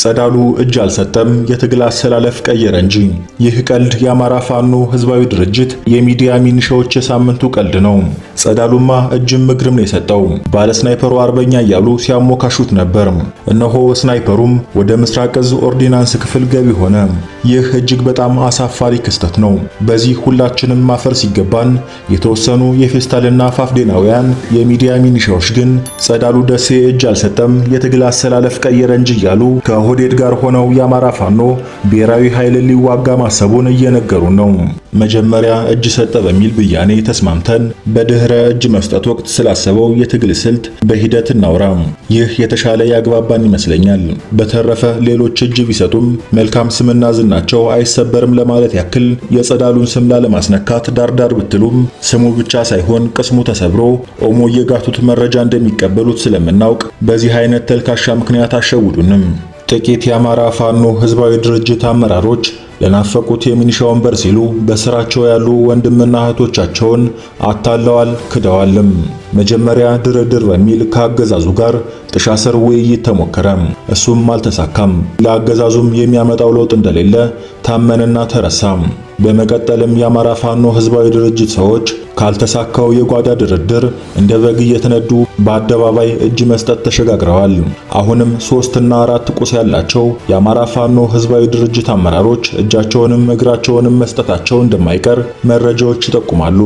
ጸዳሉ እጅ አልሰጠም፣ የትግል አሰላለፍ ቀየረ እንጂ። ይህ ቀልድ የአማራ ፋኖ ህዝባዊ ድርጅት የሚዲያ ሚኒሻዎች የሳምንቱ ቀልድ ነው። ጸዳሉማ እጅም እግርም ነው የሰጠው። ባለ ስናይፐሩ አርበኛ እያሉ ሲያሞካሹት ነበር። እነሆ ስናይፐሩም ወደ ምስራቅ እዝ ኦርዲናንስ ክፍል ገቢ ሆነ። ይህ እጅግ በጣም አሳፋሪ ክስተት ነው። በዚህ ሁላችንም ማፈር ሲገባን የተወሰኑ የፌስታልና ፋፍዴናውያን የሚዲያ ሚኒሻዎች ግን ጸዳሉ ደሴ እጅ አልሰጠም፣ የትግል አሰላለፍ ቀየረ እንጂ እያሉ ከሆዴድ ጋር ሆነው የአማራ ፋኖ ብሔራዊ ኃይልን ሊዋጋ ማሰቡን እየነገሩን ነው። መጀመሪያ እጅ ሰጠ በሚል ብያኔ ተስማምተን በድህረ እጅ መስጠት ወቅት ስላሰበው የትግል ስልት በሂደት እናውራ። ይህ የተሻለ ያግባባን ይመስለኛል። በተረፈ ሌሎች እጅ ቢሰጡም መልካም ስምና ዝናቸው አይሰበርም ለማለት ያክል የጸዳሉን ስም ላለማስነካት ዳርዳር ብትሉም ስሙ ብቻ ሳይሆን ቅስሙ ተሰብሮ ኦሞ የጋቱት መረጃ እንደሚቀበሉት ስለምናውቅ በዚህ አይነት ተልካሻ ምክንያት አሸውዱንም። ጥቂት የአማራ ፋኖ ህዝባዊ ድርጅት አመራሮች ለናፈቁት የሚኒሻ ወንበር ሲሉ በስራቸው ያሉ ወንድምና እህቶቻቸውን አታለዋል፣ ክደዋልም። መጀመሪያ ድርድር በሚል ከአገዛዙ ጋር ጥሻ ስር ውይይት ተሞከረ። እሱም አልተሳካም። ለአገዛዙም የሚያመጣው ለውጥ እንደሌለ ታመነና ተረሳ። በመቀጠልም የአማራ ፋኖ ህዝባዊ ድርጅት ሰዎች ካልተሳካው የጓዳ ድርድር እንደ በግ እየተነዱ በአደባባይ እጅ መስጠት ተሸጋግረዋል። አሁንም ሶስትና አራት ቁስ ያላቸው የአማራ ፋኖ ህዝባዊ ድርጅት አመራሮች እጃቸውንም እግራቸውንም መስጠታቸው እንደማይቀር መረጃዎች ይጠቁማሉ።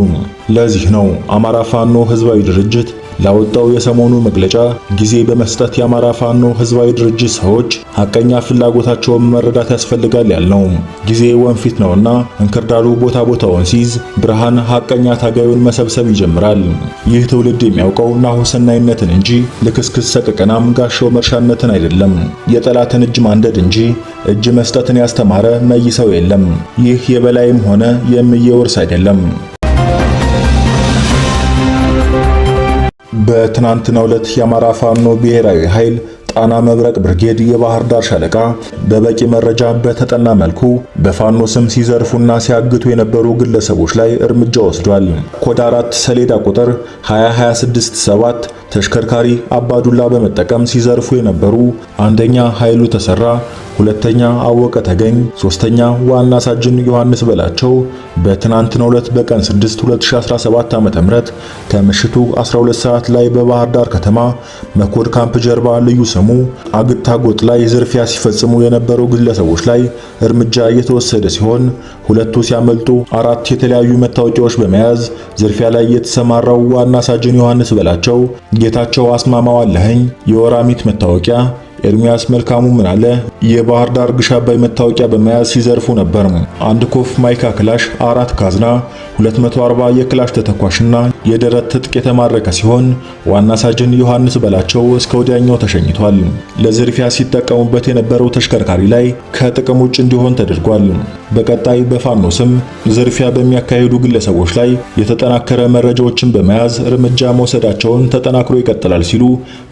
ለዚህ ነው አማራ ፋኖ ህዝባዊ ድርጅት ላወጣው የሰሞኑ መግለጫ ጊዜ በመስጠት የአማራ ፋኖ ህዝባዊ ድርጅት ሰዎች ሐቀኛ ፍላጎታቸውን መረዳት ያስፈልጋል ያልነው። ጊዜ ወንፊት ነውና እንክርዳዱ ቦታ ቦታውን ሲይዝ ብርሃን ሐቀኛ ታጋዩን መሰብሰብ ይጀምራል። ይህ ትውልድ የሚያውቀው ናሁሰን ቀናይነትን እንጂ ልክስክስ ሰቅቀናም ጋሻው መርሻነትን አይደለም። የጠላትን እጅ ማንደድ እንጂ እጅ መስጠትን ያስተማረ መይሰው የለም። ይህ የበላይም ሆነ የእምዬ ውርስ አይደለም። በትናንትናው ዕለት የአማራ ፋኖ ብሔራዊ ኃይል ጣና መብረቅ ብርጌድ የባህር ዳር ሻለቃ በበቂ መረጃ በተጠና መልኩ በፋኖ ስም ሲዘርፉና ሲያግቱ የነበሩ ግለሰቦች ላይ እርምጃ ወስዷል። ኮድ 4 ሰሌዳ ቁጥር 2267 ተሽከርካሪ አባዱላ በመጠቀም ሲዘርፉ የነበሩ አንደኛ ኃይሉ ተሰራ ሁለተኛ አወቀ ተገኝ፣ ሶስተኛ ዋና ሳጅን ዮሐንስ በላቸው በትናንትናው ዕለት በቀን 6 2017 ዓ.ም ከምሽቱ 12 ሰዓት ላይ በባህር ዳር ከተማ መኮድ ካምፕ ጀርባ ልዩ ስሙ አግታጎጥ ላይ ዝርፊያ ሲፈጽሙ የነበሩ ግለሰቦች ላይ እርምጃ የተወሰደ ሲሆን ሁለቱ ሲያመልጡ አራት የተለያዩ መታወቂያዎች በመያዝ ዝርፊያ ላይ የተሰማራው ዋና ሳጅን ዮሐንስ በላቸው ጌታቸው አስማማው አለኸኝ የወራሚት መታወቂያ ኤርሚያስ መልካሙ ምን አለ? የባህር ዳር ግሽ አባይ መታወቂያ በመያዝ ሲዘርፉ ነበር። አንድ ኮፍ ማይካ ክላሽ፣ አራት ካዝና፣ 240 የክላሽ ተተኳሽና የደረት ትጥቅ የተማረከ ሲሆን ዋና ሳጅን ዮሐንስ በላቸው እስከ ወዲያኛው ተሸኝቷል። ለዝርፊያ ሲጠቀሙበት የነበረው ተሽከርካሪ ላይ ከጥቅም ውጭ እንዲሆን ተደርጓል። በቀጣይ በፋኖ ስም ዝርፊያ በሚያካሂዱ ግለሰቦች ላይ የተጠናከረ መረጃዎችን በመያዝ እርምጃ መውሰዳቸውን ተጠናክሮ ይቀጥላል ሲሉ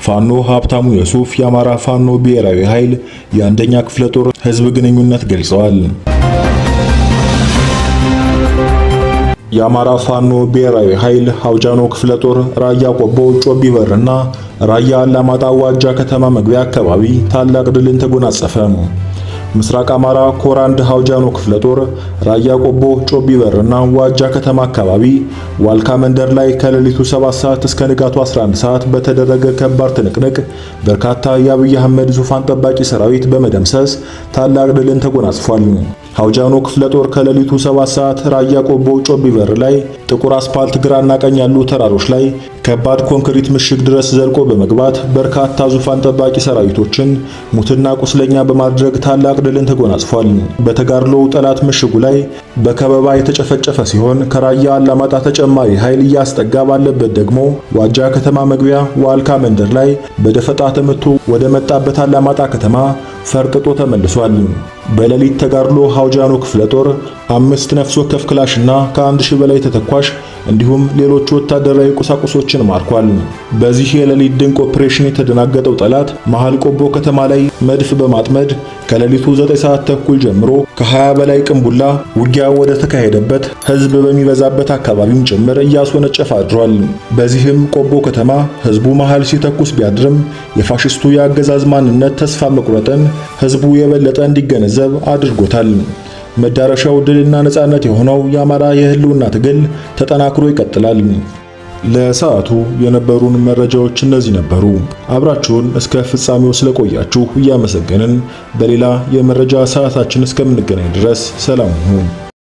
ፋኖ ሀብታሙ የሱፍ የአማራ ፋኖ ብሔራዊ ኃይል የአንደኛ ክፍለ ጦር ህዝብ ግንኙነት ገልጸዋል። የአማራ ፋኖ ብሔራዊ ኃይል አውጃኖ ክፍለ ጦር ራያ ቆቦ ጮቢ በርና ራያ አላማጣ ዋጃ ከተማ መግቢያ አካባቢ ታላቅ ድልን ተጎናጸፈ። ምስራቅ አማራ ኮር አንድ ሀውጃኖ ክፍለ ጦር ራያ ቆቦ ጮቢ በር እና ዋጃ ከተማ አካባቢ ዋልካ መንደር ላይ ከሌሊቱ 7 ሰዓት እስከ ንጋቱ 11 ሰዓት በተደረገ ከባድ ትንቅንቅ በርካታ የአብይ አህመድ ዙፋን ጠባቂ ሰራዊት በመደምሰስ ታላቅ ድልን ተጎናጽፏል። ሀውጃኖ ክፍለ ጦር ከሌሊቱ 7 ሰዓት ራያ ቆቦ ጮቢ በር ላይ ጥቁር አስፓልት ግራና ቀኝ ያሉ ተራሮች ላይ ከባድ ኮንክሪት ምሽግ ድረስ ዘልቆ በመግባት በርካታ ዙፋን ጠባቂ ሰራዊቶችን ሙትና ቁስለኛ በማድረግ ታላቅ ድልን ተጎናጽፏል። በተጋድሎው ጠላት ምሽጉ ላይ በከበባ የተጨፈጨፈ ሲሆን ከራያ አላማጣ ተጨማሪ ኃይል እያስጠጋ ባለበት ደግሞ ዋጃ ከተማ መግቢያ ዋልካ መንደር ላይ በደፈጣ ተመቶ ወደ መጣበት አላማጣ ከተማ ፈርጥጦ ተመልሷል። በሌሊት ተጋድሎ ሐውጃኑ ክፍለ ጦር አምስት ነፍስ ወከፍ ክላሽና ከአንድ ሺህ በላይ ተተኳሽ እንዲሁም ሌሎች ወታደራዊ ቁሳቁሶችን ማርኳል። በዚህ የሌሊት ድንቅ ኦፕሬሽን የተደናገጠው ጠላት መሃል ቆቦ ከተማ ላይ መድፍ በማጥመድ ከሌሊቱ 9 ሰዓት ተኩል ጀምሮ ከ20 በላይ ቅንቡላ ውጊያ ወደ ተካሄደበት ህዝብ በሚበዛበት አካባቢም ጭምር እያስወነጨፈ አድሯል። በዚህም ቆቦ ከተማ ህዝቡ መሃል ሲተኩስ ቢያድርም የፋሽስቱ የአገዛዝ ማንነት ተስፋ መቁረጥን ህዝቡ የበለጠ እንዲገነዘብ አድርጎታል። መዳረሻው ድልና ነጻነት የሆነው የአማራ የህልውና ትግል ተጠናክሮ ይቀጥላል። ለሰዓቱ የነበሩን መረጃዎች እነዚህ ነበሩ። አብራችሁን እስከ ፍጻሜው ስለቆያችሁ እያመሰገንን በሌላ የመረጃ ሰዓታችን እስከምንገናኝ ድረስ ሰላም ሁኑ።